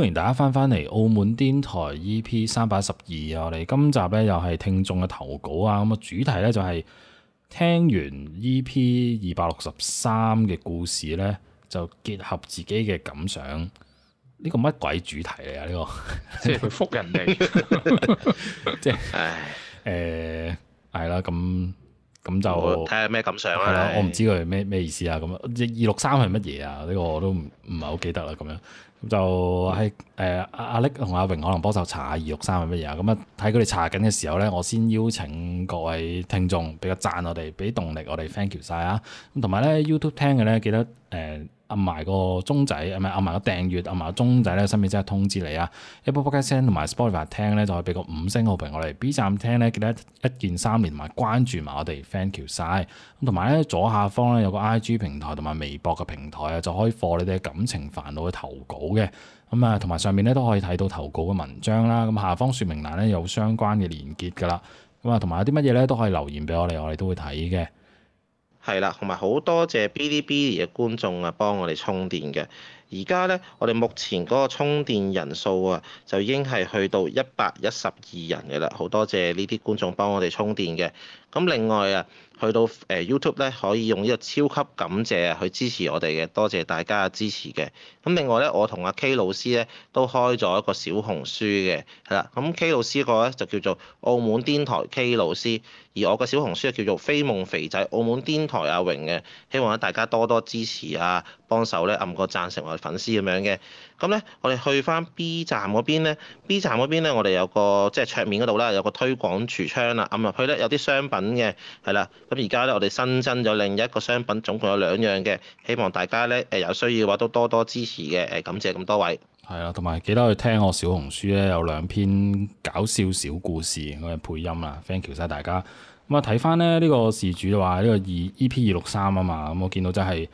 歡迎大家翻翻嚟澳門電台 EP 三百一十二啊！我哋今集咧又係聽眾嘅投稿啊！咁啊主題咧就係聽完 EP 二百六十三嘅故事咧，就結合自己嘅感想。呢個乜鬼主題嚟啊？呢個即係回覆人哋，即係誒，係、欸、啦，咁咁就睇下咩感想啦。啦我唔知佢係咩咩意思啊！咁即二六三係乜嘢啊？呢、呢個我都唔唔係好記得啦。咁樣。咁就係誒、呃、阿 Alex 同阿榮可能幫手查下二六三係乜嘢啊？咁啊睇佢哋查緊嘅時候咧，我先邀請各位聽眾俾個讚我哋，俾動力我哋，thank you 晒啊！咁同埋咧 YouTube 聽嘅咧，記得誒、呃、按埋個鐘仔，係、呃、咪按埋個訂閱，按埋個鐘仔咧，身邊即刻通知你啊！Apple Podcast 同埋 Spotify 聽咧，就可以俾個五星好評我哋。B 站聽咧，記得一鍵三連同埋關注埋我哋，thank you 晒！咁同埋咧，左下方咧有個 IG 平台同埋微博嘅平台啊，就可以放你哋感情煩惱嘅投稿。好嘅咁啊，同埋上面咧都可以睇到投稿嘅文章啦。咁下方說明欄咧有相關嘅連結噶啦。咁啊，同埋有啲乜嘢咧都可以留言俾我哋，我哋都會睇嘅。係啦，同埋好多謝嗶哩嗶哩嘅觀眾啊，幫我哋充電嘅。而家咧，我哋目前嗰個充電人數啊，就已經係去到一百一十二人嘅啦。好多謝呢啲觀眾幫我哋充電嘅。咁另外啊，去到誒 YouTube 咧，可以用呢個超級感謝啊去支持我哋嘅，多謝大家嘅支持嘅。咁另外咧，我同阿 K 老師咧都開咗一個小紅書嘅，係啦。咁 K 老師個咧就叫做澳門癲台 K 老師，而我嘅小紅書叫做飛夢肥仔澳門癲台阿榮嘅，希望大家多多支持啊！幫手咧，按個贊成為粉絲咁樣嘅。咁咧，我哋去翻 B 站嗰邊咧，B 站嗰邊咧，我哋有個即係、就是、桌面嗰度啦，有個推廣櫥窗啦，按入去咧有啲商品嘅，係啦。咁而家咧，我哋新增咗另一個商品，總共有兩樣嘅。希望大家咧誒有需要嘅話都多多支持嘅誒，感謝咁多位。係啊，同埋記得去聽我小紅書咧有兩篇搞笑小故事，我哋配音啦，thank you 晒大家。咁啊，睇翻咧呢個事主就話呢個二 E P 二六三啊嘛，咁我見到真係。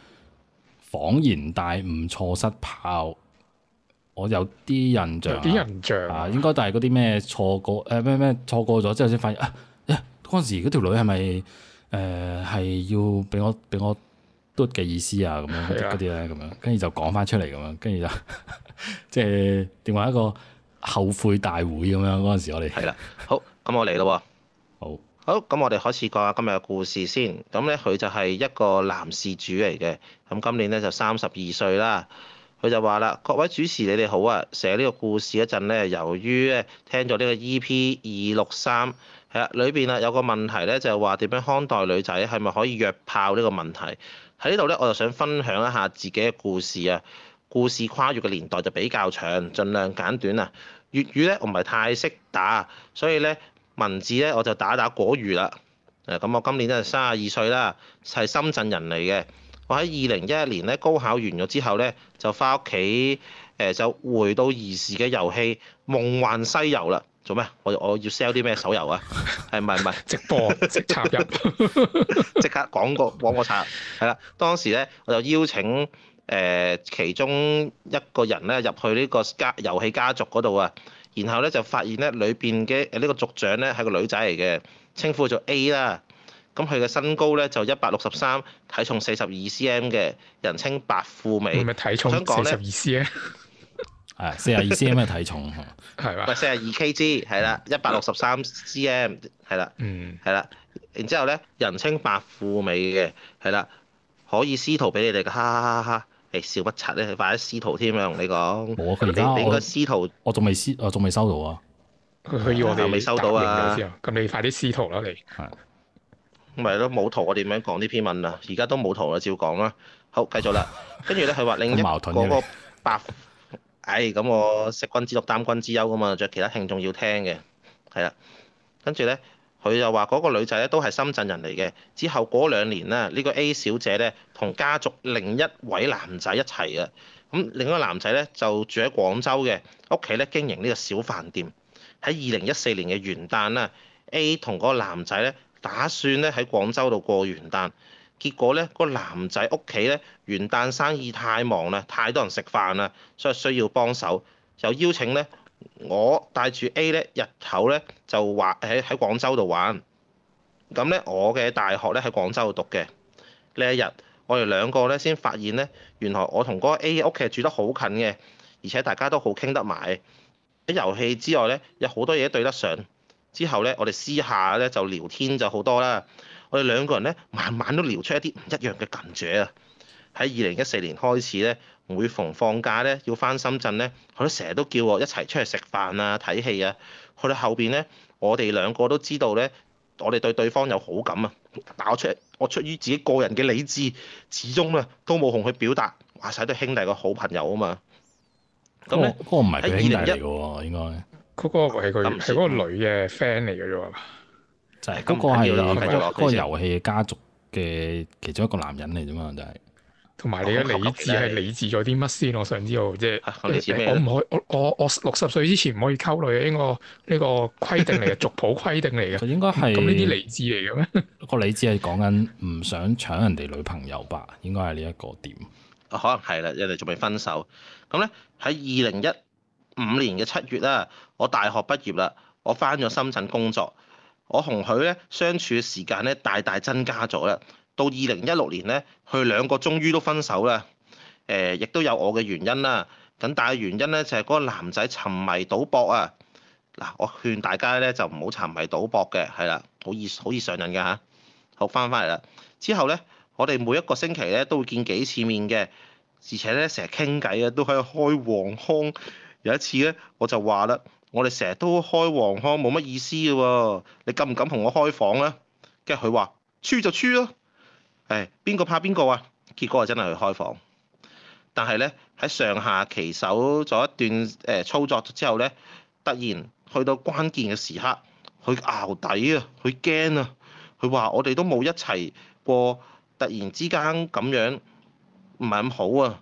恍然大悟，錯失炮，我有啲印象，有啲印象啊，應該都係嗰啲咩錯過誒咩咩錯過咗之後先發現啊，嗰、啊、陣時嗰條女係咪誒係要俾我俾我嘟嘅意思啊咁樣嗰啲咧咁樣，跟住就講翻出嚟咁樣，跟住就即係點講一個後悔大會咁樣嗰陣時我哋係啦，好咁我嚟咯。好，咁我哋開始講下今日嘅故事先。咁咧，佢就係一個男事主嚟嘅。咁今年咧就三十二歲啦。佢就話啦：各位主持，你哋好啊！寫呢個故事一陣咧，由於咧聽咗呢個 EP 二六三，係啊，裏邊啊有個問題咧，就係話點樣看待女仔係咪可以約炮呢個問題。喺呢度咧，我就想分享一下自己嘅故事啊。故事跨越嘅年代就比較長，盡量簡短啊。粵語咧，我唔係太識打，所以咧。文字咧我就打打果語啦，誒、啊、咁、嗯、我今年咧三十二歲啦，係深圳人嚟嘅。我喺二零一一年咧高考完咗之後咧，就翻屋企誒就回到兒時嘅遊戲《夢幻西遊》啦。做咩？我我要 sell 啲咩手遊啊？係咪？ 係咪？直播，即插入， 即刻廣告幫我插。係啦，當時咧我就邀請誒、呃、其中一個人咧入去呢個家遊戲家族嗰度啊。然後咧就發現咧裏邊嘅誒呢個族長咧係個女仔嚟嘅，稱呼做 A 啦。咁佢嘅身高咧就一百六十三，體重四十二 cm 嘅，人稱白富美。唔係體， 體重，想講咧。係四十二 cm 嘅體重，係嘛？唔係四十二 kg，係啦，一百六十三 cm，係啦，嗯，係啦。然之後咧，人稱白富美嘅，係啦，可以私圖俾你哋嘅，哈哈哈哈。笑不測咧，快啲撕圖添啦！同你講，我而家你個撕圖，我仲未撕，我仲未收到啊！佢要我哋未收到啊！咁你快啲撕圖啦！你係咪咯？冇圖我點樣講呢篇文啊？而家都冇圖啦，照講啦。好，繼續啦。跟住咧，佢話另一嗰個，個白，唉，咁、哎、我食君之祿擔君之憂噶嘛，仲有其他聽眾要聽嘅，係啦。跟住咧。佢就話嗰個女仔咧都係深圳人嚟嘅。之後嗰兩年咧，呢個 A 小姐咧同家族另一位男仔一齊嘅。咁另一個男仔咧就住喺廣州嘅屋企咧經營呢個小飯店。喺二零一四年嘅元旦啦，A 同嗰個男仔咧打算咧喺廣州度過元旦。結果咧，個男仔屋企咧元旦生意太忙啦，太多人食飯啦，所以需要幫手，就邀請咧。我帶住 A 咧，日頭咧就話喺喺廣州度玩。咁咧，我嘅大學咧喺廣州度讀嘅。呢一日，我哋兩個咧先發現咧，原來我同嗰個 A 屋企住得好近嘅，而且大家都好傾得埋。喺遊戲之外咧，有好多嘢對得上。之後咧，我哋私下咧就聊天就好多啦。我哋兩個人咧，晚晚都聊出一啲唔一樣嘅近嘴啊。喺二零一四年開始咧。每逢放假咧，要返深圳咧，佢都成日都叫我一齊出去食飯啊、睇戲啊。去到後邊咧，我哋兩個都知道咧，我哋對對方有好感啊。但我出，我出於自己個人嘅理智，始終啊都冇同佢表達。話晒對兄弟個好朋友啊嘛。咁咧，嗰個，唔係嗰個兄弟嚟嘅喎，2001，嗰個應該，佢嗰個女嘅 friend 嚟嘅啫嘛。就係嗰個係啊，嗰個遊戲家族嘅其中一個男人嚟啫嘛，就係、是。同埋你嘅理智係理智咗啲乜先？我想知道，即係我唔可我我我六十歲之前唔可以溝女嘅呢個呢個規定嚟嘅族譜規定嚟嘅。 應該係咁呢啲理智嚟嘅咩？個 理智係講緊唔想搶人哋女朋友吧？應該係呢一個點？可能係啦，人哋仲未分手。咁咧喺二零一五年嘅七月啦，我大學畢業啦，我翻咗深圳工作，我同佢咧相處嘅時間咧大大增加咗啦。到二零一六年咧，佢兩個終於都分手啦。誒，亦都有我嘅原因啦。咁大嘅原因咧就係嗰個男仔沉迷賭博啊。嗱，我勸大家咧就唔好沉迷賭博嘅，係啦，好易好易上癮㗎嚇。好，返返嚟啦。之後咧，我哋每一個星期咧都會見幾次面嘅，而且咧成日傾偈啊，都可以開黃腔。有一次咧，我就話啦，我哋成日都開黃腔冇乜意思嘅喎，你敢唔敢同我開房呀？跟住佢話，輸就輸咯。誒，邊個怕邊個啊？結果啊，真係去開房，但係咧喺上下其手咗一段誒操作之後咧，突然去到關鍵嘅時刻，佢熬底啊，佢驚啊，佢話我哋都冇一齊過，突然之間咁樣唔係咁好啊。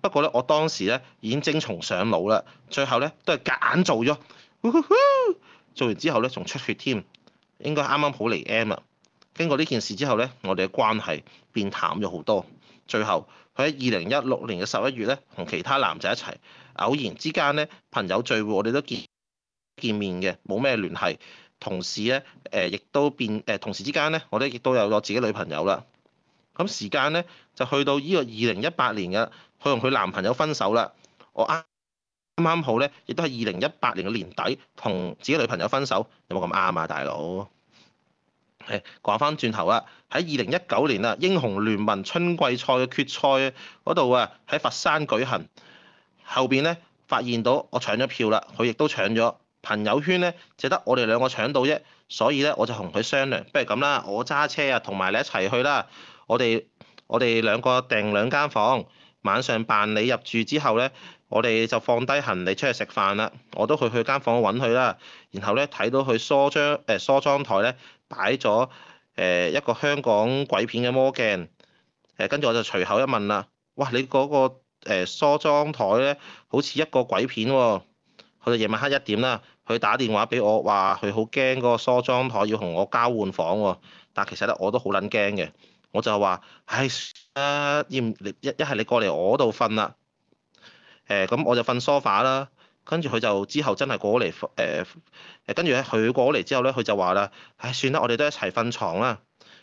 不過咧，我當時咧已經精蟲上腦啦，最後咧都係夾硬做咗，做完之後咧仲出血添，應該啱啱好嚟 M 啊。經過呢件事之後咧，我哋嘅關係變淡咗好多。最後佢喺二零一六年嘅十一月咧，同其他男仔一齊偶然之間咧朋友聚會，我哋都見見面嘅，冇咩聯繫。同時咧誒，亦、呃、都變誒、呃，同時之間咧，我哋亦都有咗自己女朋友啦。咁時間咧就去到呢個二零一八年嘅，佢同佢男朋友分手啦。我啱啱好咧，亦都係二零一八年嘅年底同自己女朋友分手，有冇咁啱啊，大佬？誒講翻轉頭啦，喺二零一九年啊，《英雄聯盟》春季賽嘅決賽嗰度啊，喺佛山舉行。後邊咧發現到我搶咗票啦，佢亦都搶咗朋友圈咧，就得我哋兩個搶到啫。所以咧，我就同佢商量，不如咁啦，我揸車啊，同埋你一齊去啦。我哋我哋兩個訂兩間房，晚上辦理入住之後咧，我哋就放低行李出去食飯啦。我都去去間房搵佢啦。然後咧睇到佢梳妝誒、呃、梳妝台咧。擺咗誒一個香港鬼片嘅魔鏡，誒跟住我就隨口一問啦，哇你嗰個梳妝枱咧好似一個鬼片喎、哦，佢就夜晚黑一點啦，佢打電話俾我話佢好驚嗰個梳妝枱，要同我交換房喎、哦，但其實咧我都好撚驚嘅，我就話，唉、哎、啊要唔你一一係你過嚟我度瞓啦，誒、嗯、咁我就瞓梳化啦。跟住佢就之後真係過嚟誒誒，跟住咧佢過嚟之後咧，佢就話啦：，唉、哎，算啦，我哋都一齊瞓床啦。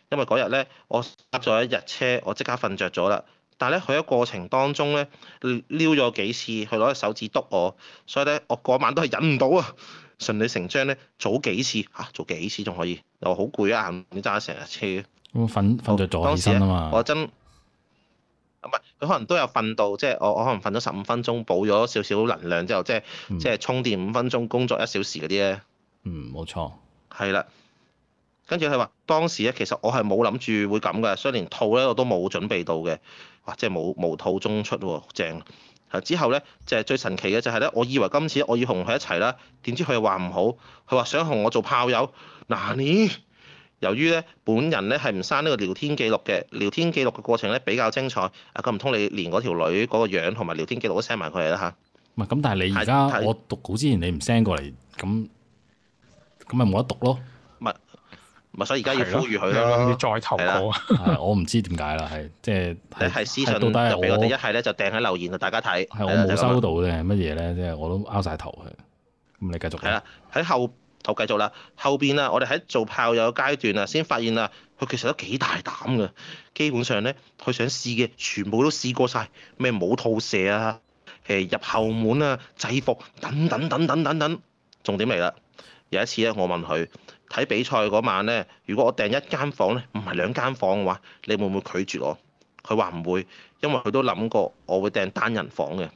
因為嗰日咧，我搭咗一日車，我即刻瞓着咗啦。但係咧，佢喺過程當中咧，撩咗幾次，佢攞隻手指督我，所以咧，我嗰晚都係忍唔到啊。順理成章咧，早幾次嚇，做幾次仲可以。又好攰啊，你揸成日車。咁瞓瞓著咗起身啊嘛。我真。佢可能都有瞓到，即係我我可能瞓咗十五分鐘，補咗少少能量之後，即係、嗯、即係充電五分鐘，工作一小時嗰啲咧。嗯，冇錯，係啦。跟住佢話當時咧，其實我係冇諗住會咁嘅，所以連套咧我都冇準備到嘅。哇！即係冇冇套中出喎、啊，正。之後咧，就係、係、最神奇嘅就係咧，我以為今次我要同佢一齊啦，點知佢又話唔好，佢話想同我做炮友。嗱你。由於咧，本人咧係唔刪呢個聊天記錄嘅，聊天記錄嘅過程咧比較精彩。啊，咁唔通你連嗰條女嗰個樣同埋聊天記錄都 send 埋佢哋啦嚇？唔係咁，但係你而家我讀稿之前你，你唔 send 過嚟，咁咁咪冇得讀咯。唔係，所以而家要呼籲佢啦。要再投稿。係 啊，我唔知點解啦，係即係一係私信，到底我一係咧就掟喺留言度大家睇。係我冇收到咧，乜嘢咧？即係我都拗晒頭佢。咁你繼續睇啦，喺後。後繼續啦，後邊啊，我哋喺做炮友嘅階段啊，先發現啊，佢其實都幾大膽嘅。基本上咧，佢想試嘅全部都試過晒，咩冇套射啊，誒、呃、入後門啊，制服等等等等等等。重點嚟啦，有一次咧，我問佢睇比賽嗰晚咧，如果我訂一間房咧，唔係兩間房嘅話，你會唔會拒絕我？佢話唔會，因為佢都諗過我會訂單人房嘅。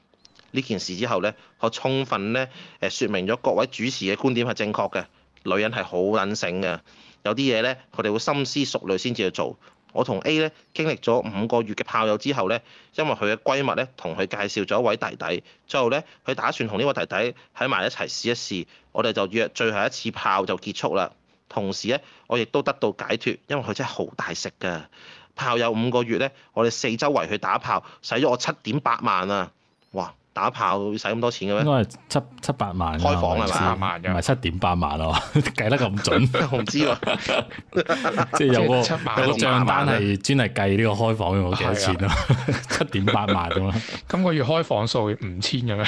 呢件事之後咧，我充分咧誒，説明咗各位主持嘅觀點係正確嘅。女人係好隱性嘅，有啲嘢咧，佢哋會深思熟慮先至去做。我同 A 咧經歷咗五個月嘅炮友之後咧，因為佢嘅閨蜜咧同佢介紹咗一位弟弟，最後咧佢打算同呢位弟弟喺埋一齊試一試。我哋就約最後一次炮就結束啦。同時咧，我亦都得到解脫，因為佢真係好大食㗎。炮友五個月咧，我哋四周圍去打炮，使咗我七點八萬啊！哇～打炮使咁多錢嘅咩？應該係七七八萬開房係咪？廿萬嘅唔係七點八萬咯，計得咁準。我唔知喎，即係有個有個賬單係專係計呢個開房用嘅錢咯，七點八萬咁咯。今個月開房數五千咁樣。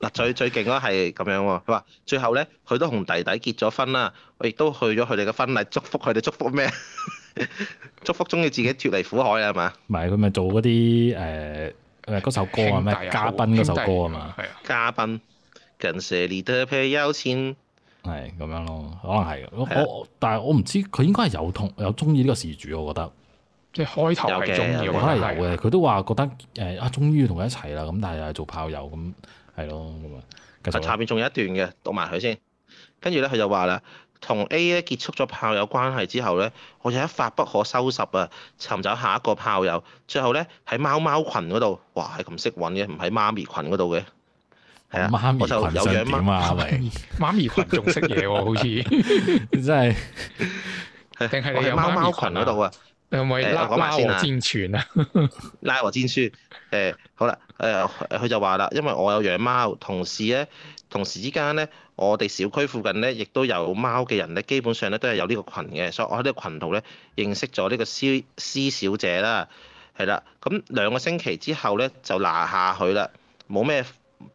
嗱，最最勁咯係咁樣喎，佢話最後咧佢都同弟弟結咗婚啦，我亦都去咗佢哋嘅婚禮，祝福佢哋。祝福咩？祝福中意自己脫離苦海啊，係嘛？唔係佢咪做嗰啲誒？嗰首歌啊，咩嘉賓嗰首歌啊嘛，嗎嘉賓近蛇獅的配邀請，係咁樣咯，可能係，的我但係我唔知佢應該係有同有中意呢個事主，我覺得，即係開頭係中意，的可能有嘅，佢的都話覺得誒、呃、啊，終於同佢一齊啦，咁但係又係做炮友咁，係咯咁啊，其實下邊仲有一段嘅，讀埋佢先，跟住咧佢就話啦。同 A 咧結束咗炮友關係之後咧，我就一發不可收拾啊！尋找下一個炮友，最後咧喺貓貓群嗰度，哇係咁識揾嘅，唔喺媽咪群嗰度嘅，係啊，我就有養貓啊，係咪？ 媽咪群仲識嘢喎，好似真係。定係、 欸、我喺貓貓群嗰度啊？你可唔誒，咪拉我戰船啊！拉我戰船、啊，誒、 欸、好啦，誒、欸、佢、呃、就話啦，因為我有養貓，同時咧。同時之間咧，我哋小區附近咧，亦都有貓嘅人咧，基本上咧都係有呢個群嘅，所以我喺呢個群度咧認識咗呢個 CC 小姐啦，係啦，咁兩個星期之後咧就拿下佢啦，冇咩，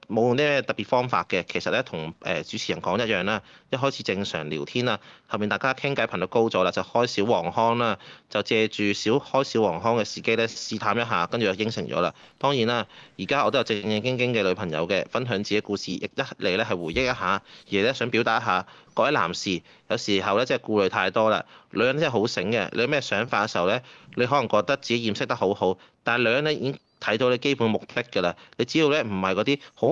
冇咩特別方法嘅，其實咧同誒主持人講一樣啦。一開始正常聊天啦，後面大家傾偈頻率高咗啦，就開小黃腔啦，就借住小開小黃腔嘅時機咧試探一下，跟住就應承咗啦。當然啦，而家我都有正正經經嘅女朋友嘅，分享自己故事，亦一嚟咧係回憶一下，而咧想表達一下各位男士有時候咧即係顧慮太多啦，女人真係好醒嘅。你有咩想法嘅時候咧，你可能覺得自己認識得好好，但係女人咧已經睇到你基本目的嘅啦，你只要咧唔係嗰啲好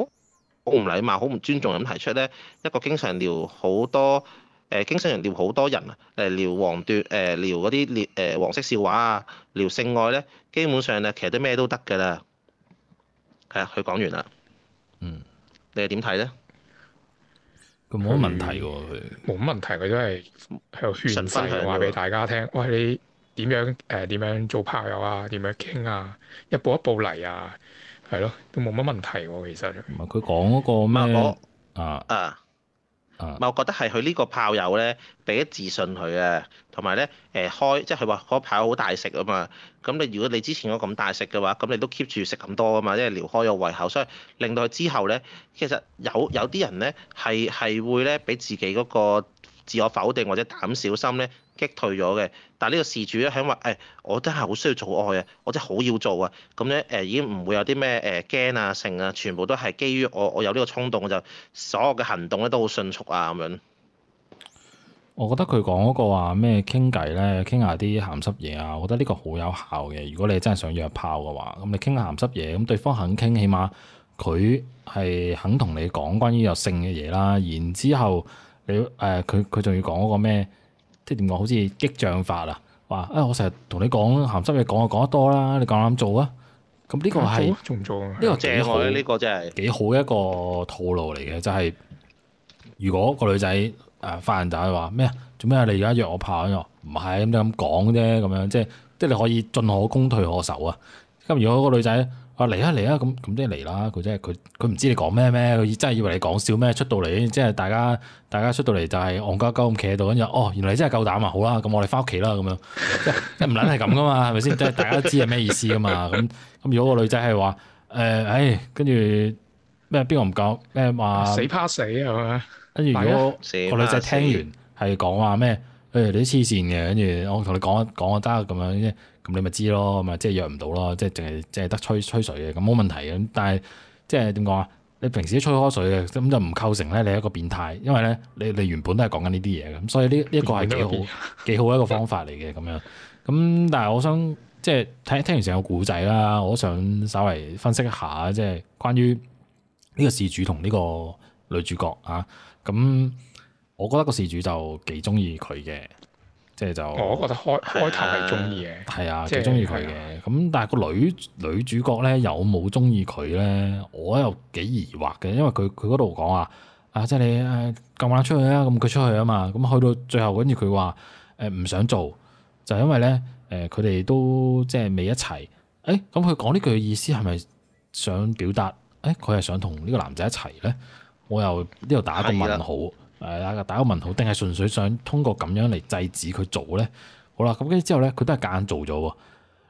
好唔禮貌、好唔尊重咁提出咧，一個經常聊好多誒、呃，經常人聊好多人啊，誒、呃、聊黃奪誒、呃、聊嗰啲聊誒黃色笑話啊，聊性愛咧，基本上咧其實都咩都得嘅啦。係啊，佢講完啦。嗯，你係點睇咧？佢冇乜問題喎，佢冇乜問題，佢都係喺度勸話俾大家聽。喂你。點樣誒？點樣、呃、做炮友啊？點樣傾啊？一步一步嚟啊，係咯，都冇乜問題喎、啊。其實唔係佢講嗰個咩啊啊唔係、啊、我覺得係佢呢個炮友咧，俾咗自信佢嘅，同埋咧誒開，即係佢話嗰個炮友好大食啊嘛。咁你如果你之前嗰咁大食嘅話，咁你都 keep 住食咁多啊嘛，因為撩開咗胃口，所以令到佢之後咧，其實有有啲人咧係係會咧俾自己嗰、嗰個。自我否定或者膽小心咧擊退咗嘅，但係呢個事主咧喺話誒，我真係好需要做愛啊，我真係好要做啊，咁咧誒已經唔會有啲咩誒驚啊性啊，全部都係基於我我有呢個衝動，我就所有嘅行動咧都好迅速啊咁樣，我聊聊聊聊。我覺得佢講嗰個話咩傾偈咧，傾下啲鹹濕嘢啊，我覺得呢個好有效嘅。如果你真係想約炮嘅話，咁你傾下鹹濕嘢，咁對方肯傾，起碼佢係肯同你講關於有性嘅嘢啦，然之後。你誒佢佢仲要講嗰個咩，即係點講好似激將法、哎、說說啊？話誒，我成日同你講鹹濕嘢，講啊講得多啦，你敢唔敢做啊？咁呢個係做唔做呢個幾好呢？呢個真係幾好一個套路嚟嘅，就係、是、如果個女仔誒、呃、發現就話咩啊？做咩啊？你而家約我炮，唔係咁就咁講啫，咁樣，樣即係即係你可以進可攻退可守啊。咁如果個女仔，來啊嚟啊嚟啊咁咁即係嚟啦。佢即係佢佢唔知你講咩咩，佢真係以為你講笑咩，出到嚟，即係大家大家出到嚟就係戇鳩鳩咁企喺度。跟住哦，原來你真係夠膽啊！好啦，咁我哋返屋企啦咁樣，唔撚係咁㗎嘛，係咪先？即係大家知係咩意思㗎嘛？咁咁如果個女仔係話誒誒，跟住咩邊個唔講咩話死怕死係嘛？跟住，哎，呃，如果個女仔聽完係講話咩誒你黐線嘅，跟住我同你講一講就得咁樣。咁你咪知咯，咁咪即係約唔到咯，即係淨係淨係得吹吹水嘅，咁冇問題嘅。但係即係點講啊？你平時都吹開水嘅，咁就唔構成咧你一個變態，因為咧你你原本都係講緊呢啲嘢嘅。咁所以呢呢一個係幾好 幾好一個方法嚟嘅，咁樣。咁但係我想即係聽聽完成個故仔啦，我想稍微分析一下，即係關於呢個事主同呢個女主角啊。咁我覺得個事主就幾中意佢嘅。即係就，就，我都覺得開開頭係中意嘅，係啊，幾中意佢嘅。咁、嗯、但係個女女主角咧有冇中意佢咧？我又幾疑惑嘅，因為佢佢嗰度講啊，啊即係你誒咁晚出去啦，咁、啊、佢出去啊嘛，咁去到最後跟住佢話誒唔想做，就係、是、因為咧誒佢哋都即係未一齊。誒咁佢講呢句意思係咪想表達誒佢係想同呢個男仔一齊咧？我又呢度打一個問號。係啦，打個問號，定係純粹想通過咁樣嚟制止佢做咧？好啦，咁跟住之後咧，佢都係夾硬做咗。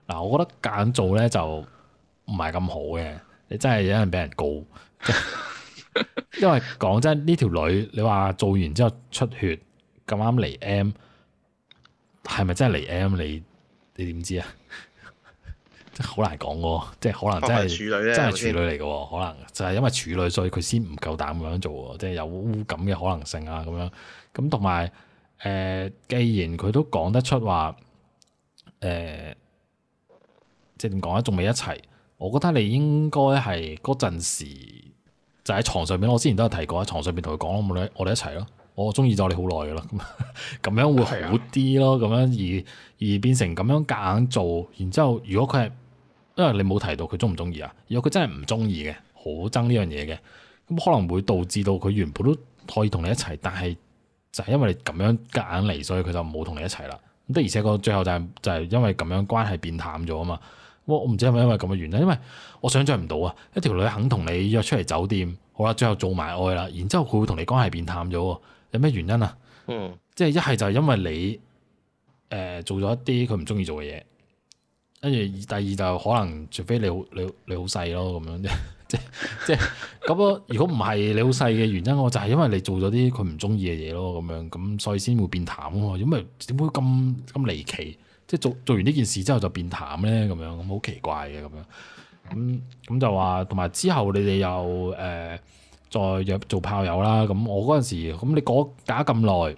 嗱、啊，我覺得夾硬做咧就唔係咁好嘅。你真係有人俾人告， 因為講真，呢條女你話做完之後出血咁啱嚟 M，係咪真係嚟 M？你你點知啊？即係好難講喎，即係可能真係真係處女嚟嘅喎，可能就係因為處女，所以佢先唔夠膽咁樣做喎，即係有污濁嘅可能性啊咁樣。咁同埋誒，既然佢都講得出話誒、呃，即係點講咧？仲未一齊，我覺得你應該係嗰陣時就喺、是、床上邊。我之前都有提過喺床上邊同佢講，我哋一齊咯，我中意咗你好耐㗎啦，咁樣會好啲咯。咁的樣而而變成咁樣夾硬做，然之後如果佢係。因為你冇提到佢中唔中意啊，如果佢真係唔中意嘅，好憎呢樣嘢嘅，咁可能會導致到佢原本都可以同你一齊，但係就係因為你咁樣隔硬嚟，所以佢就冇同你一齊啦。咁的而且確最後就係就係因為咁樣關係變淡咗啊嘛。我唔知係咪因為咁嘅原因，因為我想象唔到啊，一條女肯同你約出嚟酒店，好啦，最後做埋愛啦，然之後佢會同你關係變淡咗，有咩原因啊？嗯、即係一係就係因為你誒、呃、做咗一啲佢唔中意做嘅嘢。跟住第二就可能，除非你好你你好細咯，咁樣即即即咁如果唔係你好細嘅原因，我就係因為你做咗啲佢唔中意嘅嘢咯，咁樣咁所以先會變淡啊嘛。點咪點會咁咁離奇？即做做完呢件事之後就變淡呢？咁樣咁好奇怪嘅咁樣。咁咁就話，同埋之後你哋又誒、呃、再約做炮友啦。咁我嗰陣時咁你隔咁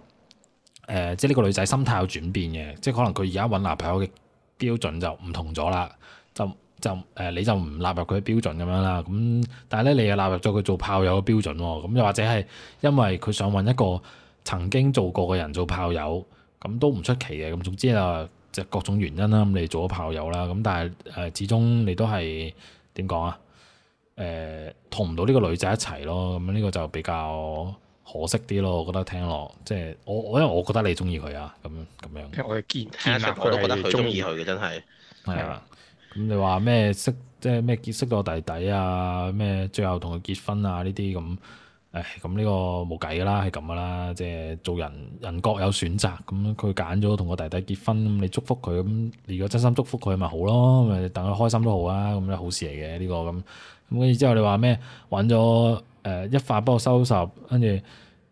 耐誒，即呢個女仔心態有轉變嘅，即可能佢而家揾男朋友嘅。標準就唔同咗啦，就就誒、呃、你就唔納入佢標準咁樣啦，咁但係咧你又納入咗佢做炮友嘅標準喎，咁、哦、又或者係因為佢想揾一個曾經做過嘅人做炮友，咁、嗯、都唔出奇嘅，咁總之啊，就各種原因啦，咁、嗯、你做咗炮友啦，咁、嗯、但係誒、呃、始終你都係點講啊？誒同唔到呢個女仔一齊咯，咁、嗯、呢、這個就比較。可惜啲咯，我覺得聽落即係我我因為我覺得你中意佢啊，咁咁樣。我見聽落我都覺得佢中意佢嘅真係。係啊，咁你話咩識即係咩結識到弟弟啊？咩最後同佢結婚啊？呢啲咁，誒咁呢個冇計㗎啦，係咁㗎啦。即係做人人各有選擇，咁佢揀咗同個弟弟結婚，咁你祝福佢咁，如果真心祝福佢咪好咯，咪等佢開心都好啊，咁樣好事嚟嘅呢個咁。咁跟住之後你話咩揾咗？誒、呃、一發不可收拾，跟住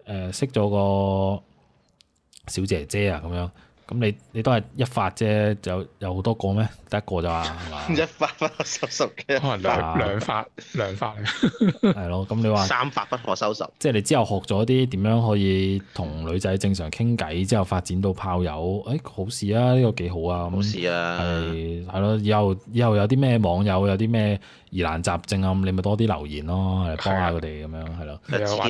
誒識咗個小姐姐啊，咁樣。咁你你都係一發啫，有有好多個咩？得一個咋，係嘛、啊？一發不可收拾嘅，可能、 哦、兩兩發兩發。係咯，咁 你話三發不可收拾。即係你之後學咗啲點樣可以同女仔正常傾偈，之後發展到炮友，誒好事啊！呢個幾好啊！好事啊，係係咯，以後以後有啲咩網友，有啲咩疑難雜症啊，咁你咪多啲留言咯，嚟的幫下佢哋咁樣，係咯。又話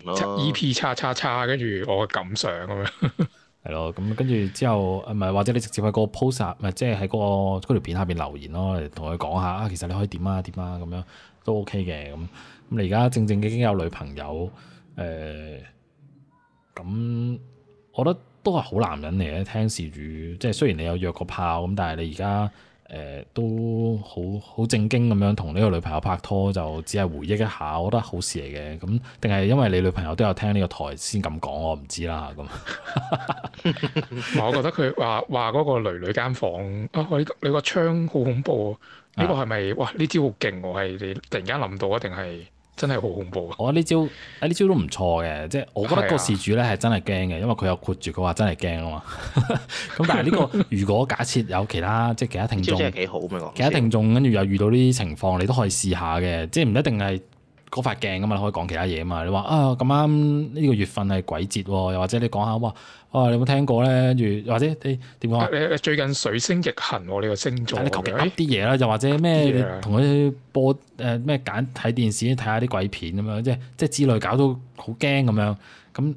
聽住 E.P. 叉叉叉，跟住我感想咁樣。 係咯，咁跟住之後，唔係或者你直接喺個 post 唔係即係喺嗰個嗰條片下邊留言咯，你同佢講下啊，其實你可以點啊點啊咁樣都 OK 嘅。咁咁你而家正正經經有女朋友，誒、呃，咁我覺得都係好男人嚟嘅。聽事主，即係雖然你有約過炮咁，但係你而家。誒都好好正經咁樣同呢個女朋友拍拖，就只係回憶一下，我覺得好事嚟嘅。咁定係因為你女朋友都有聽呢個台先咁講，我唔知啦。咁， 我覺得佢話話嗰個女女間房啊，我、啊、你、啊啊啊啊、個窗好恐怖，呢個係咪哇？呢招好勁喎！係你突然間諗到啊，定係？真係好恐怖啊！我覺得呢招，啊呢招都唔錯嘅，即係的我覺得個事主咧係真係驚嘅，因為佢有括住，佢話真係驚啊嘛。咁 但係、這、呢個如果假設有其他即係其他聽眾， 呢招真係幾好咁樣講。其他聽眾跟住又遇到呢啲情況，你都可以試下嘅，即係唔一定係。嗰塊鏡嘛，你嘛你，啊，可以講其他嘢啊嘛！你話啊，咁啱呢個月份係鬼節喎，又或者你講下哇，哇、啊、你有冇聽過咧？跟住或者你點講？你最近水星逆行你、啊呢個星座，你求其噏啲嘢啦，又或者咩同佢播誒咩揀睇電視，睇下啲鬼片咁樣，即係即係之類搞到好驚咁樣，咁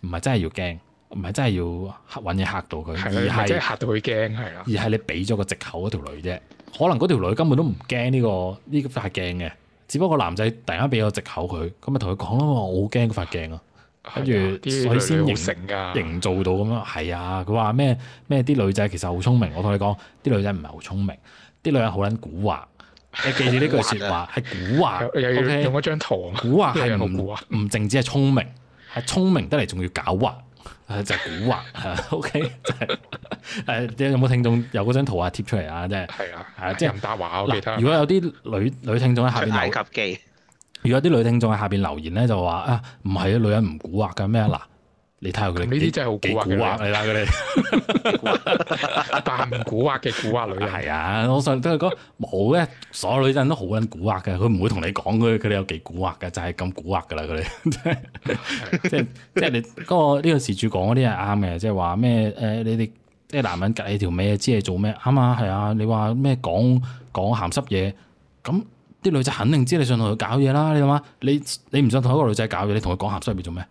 唔係真係要驚，唔係真係要嚇揾嘢嚇到佢，的而係是嚇到佢驚，係啦，而係你俾咗個藉口嗰條女啫，可能嗰條女根本都唔驚呢個呢塊鏡嘅。只不過男仔突然間俾個藉口佢，咁咪同佢講啦，我好驚嗰塊鏡啊，跟住所以先形成、營造到咁樣。係啊，佢話咩咩啲女仔其實好聰明，我同你講啲女仔唔係好聰明，啲女人好撚古惑。你 記住呢句説話係 古惑， okay? 用個張圖啊，古惑係唔唔淨止係聰明，係聰明得嚟仲要狡猾。就係誒古惑，OK，就係誒。有冇聽眾有嗰張圖啊，貼出嚟啊？ 即係係啊，即係林達華嗰邊。 如果有啲女 女聽眾喺下邊留言，如果啲女聽眾喺下邊留言咧，就話啊，唔係啊，女人唔古惑㗎咩嗱。 你睇下佢哋呢啲真係好古惑嘅啦，佢哋但係古惑嘅 古、古惑女係 啊！我想都係講冇嘅，所有女仔都好撚古惑嘅，佢唔會同你講佢佢哋有幾古惑嘅，就係、是、咁古惑噶啦，佢哋即係即係你嗰個呢個事主講嗰啲係啱嘅，即係話咩誒？你哋即係男人趷起條尾，知係做咩啱啊？係啊！你話咩講講鹹濕嘢咁啲女仔肯定知你想同佢搞嘢啦！你諗下，你你唔想同一個女仔搞嘢，你同佢講鹹濕嘢做咩？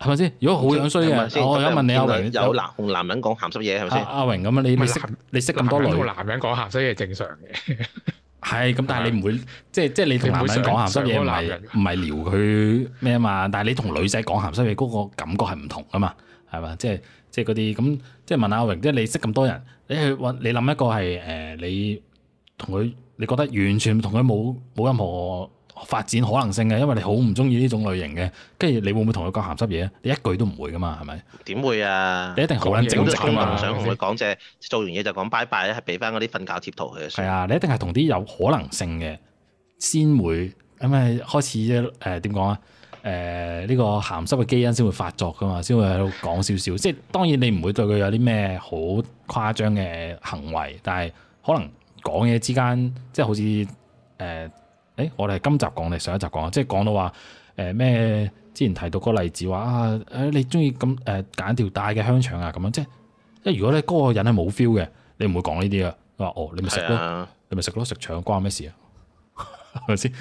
係咪先？如果好樣衰嘅，我想問你阿榮有男同男人講鹹濕嘢係咪先？阿榮咁你識你識咁多女同男人講鹹濕嘢正常嘅，係咁。但係你唔會即係即係你同男人講鹹濕嘢唔係撩佢咩啊嘛？但係你同女仔講鹹濕嘢嗰個感覺係唔同啊嘛？係嘛？即係即係嗰啲咁，即係問阿榮，即係你識咁多人，你去揾你諗一個係誒，你同佢你覺得完全同佢冇冇任何發展可能性嘅，因為你好唔中意呢種類型嘅，跟住你會唔會同佢講鹹濕嘢？你一句都唔會噶嘛，係咪？點會啊！你一定好揾正職啊嘛，唔想同佢講嘢，做完嘢就講拜拜啦，係俾翻嗰啲瞓覺貼圖佢。係啊，你一定係同啲有可能性嘅先會咁、呃、啊，開始即係誒點講啊？誒、這、呢個鹹濕嘅基因先會發作噶嘛，先會喺度講少少。即係當然你唔會對佢有啲咩好誇張嘅行為，但係可能講嘢之間即係好似誒。呃誒、欸，我哋係今集講，嚟上一集講，即係講到話誒咩？之前提到嗰個例子話啊，誒你中意咁誒揀條大嘅香腸啊，咁樣即係，即係如果你嗰個人係冇 feel 嘅，你唔會講呢啲噶。佢話哦，你咪食咯，你咪食咯，食腸關我咩事啊？係咪先？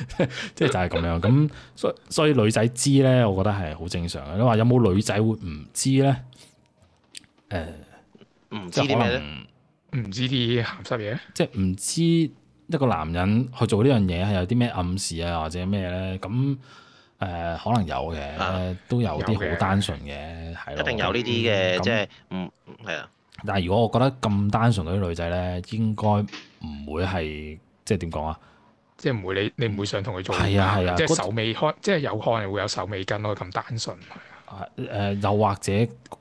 即係就係咁樣。咁 所以所以女仔知咧，我覺得係好正常。你話有冇女仔會唔知咧？誒、呃，唔知啲咩咧？唔知啲鹹濕嘢，即係唔知。一個男人去做呢樣嘢係有啲咩暗示啊，或者咩咧？咁誒、呃，可能有嘅，啊、都有啲好單純嘅，係咯、啊，的一定有呢啲嘅，即係嗯，係啊。嗯、但係如果我覺得咁單純嗰啲女仔咧，應該唔會係即係點講啊？即係唔會你你唔會想同佢做？係啊係啊，即係手尾開，那即係有可能會有手尾跟咯，咁單純。誒又或者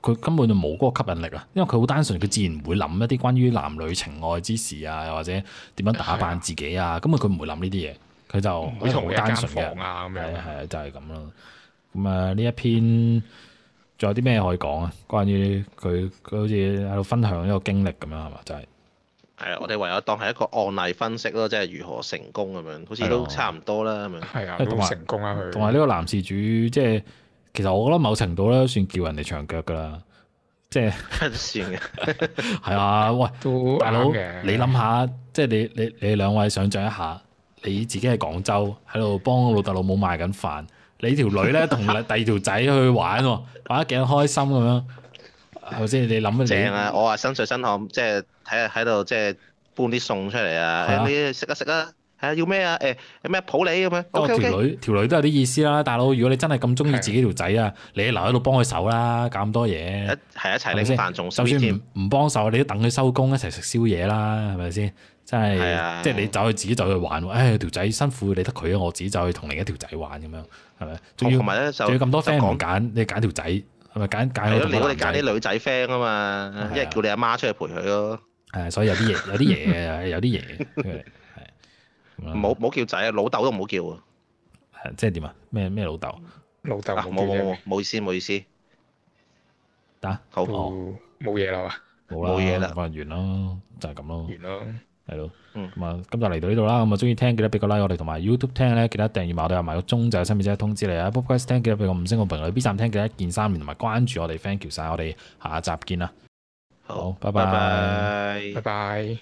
佢根本就冇嗰個吸引力啊，因為佢好單純，佢自然唔會諗一啲關於男女情愛之事啊，又或者點樣打扮自己啊，咁啊佢唔會諗呢啲嘢，佢就好單純嘅。係啊，咁樣就係咁咯。咁啊呢一篇，仲有啲咩可以講啊？關於佢佢好似喺度分享一個經歷咁樣係嘛？就係係啊，我哋唯有當係一個案例分析咯，即係如何成功咁樣，好似都差唔多啦咁樣。係啊，都成功啊佢。同埋呢個男事主即係。其實我覺得某程度咧，算叫人哋長腳噶啦，即係算嘅了。係 啊，喂，大佬，你諗下，即係你你你兩位想像一下，你自己喺廣州喺度幫老豆老母賣緊飯，你條女咧同第二條仔去玩， 玩得幾開心咁樣。頭先你諗正、啊、你正啊！我話身水身汗，即係睇下喺度即係搬啲餸出嚟啊！你食一食啊！ 係啊，要咩啊？誒，有咩抱你咁樣？咁我條女條女都有啲意思啦，大佬。如果你真係咁中意自己條仔啊，你留喺度幫佢手啦，搞咁多嘢。係一齊你繁重，就算唔唔幫手，你都等佢收工一齊食宵夜啦，係咪先？真係，即係你走去自己走去玩。誒，條仔辛苦，你得佢，啊，我自己走去同另一條仔玩咁樣，係咪？仲要同埋咧，仲要咁多 friend 唔揀，你揀條仔係咪揀揀我？有你可以你揀啲女仔 friend 啊嘛，一係叫你阿媽出去陪佢咯。係，所以有啲嘢，有啲嘢有啲嘢。唔好唔好叫仔啊，老豆都唔好叫啊。即係點啊？咩咩老豆？老豆冇冇冇，冇意思冇意思。打，好，冇嘢啦嘛？冇啦，冇嘢啦，完啦，就係咁咯。完咯，係咯。咁啊，咁就嚟到呢度啦。咁啊，中意聽記得俾個 like，我哋同埋 YouTube 聽咧，記得訂閱埋，我哋有埋個鐘仔，新片即刻通知你啊。Book 聽記得俾個五星個評，B 站聽記得一鍵三連同埋關注我哋 Thank you 晒，我哋下一集見啦。好，拜拜，拜拜。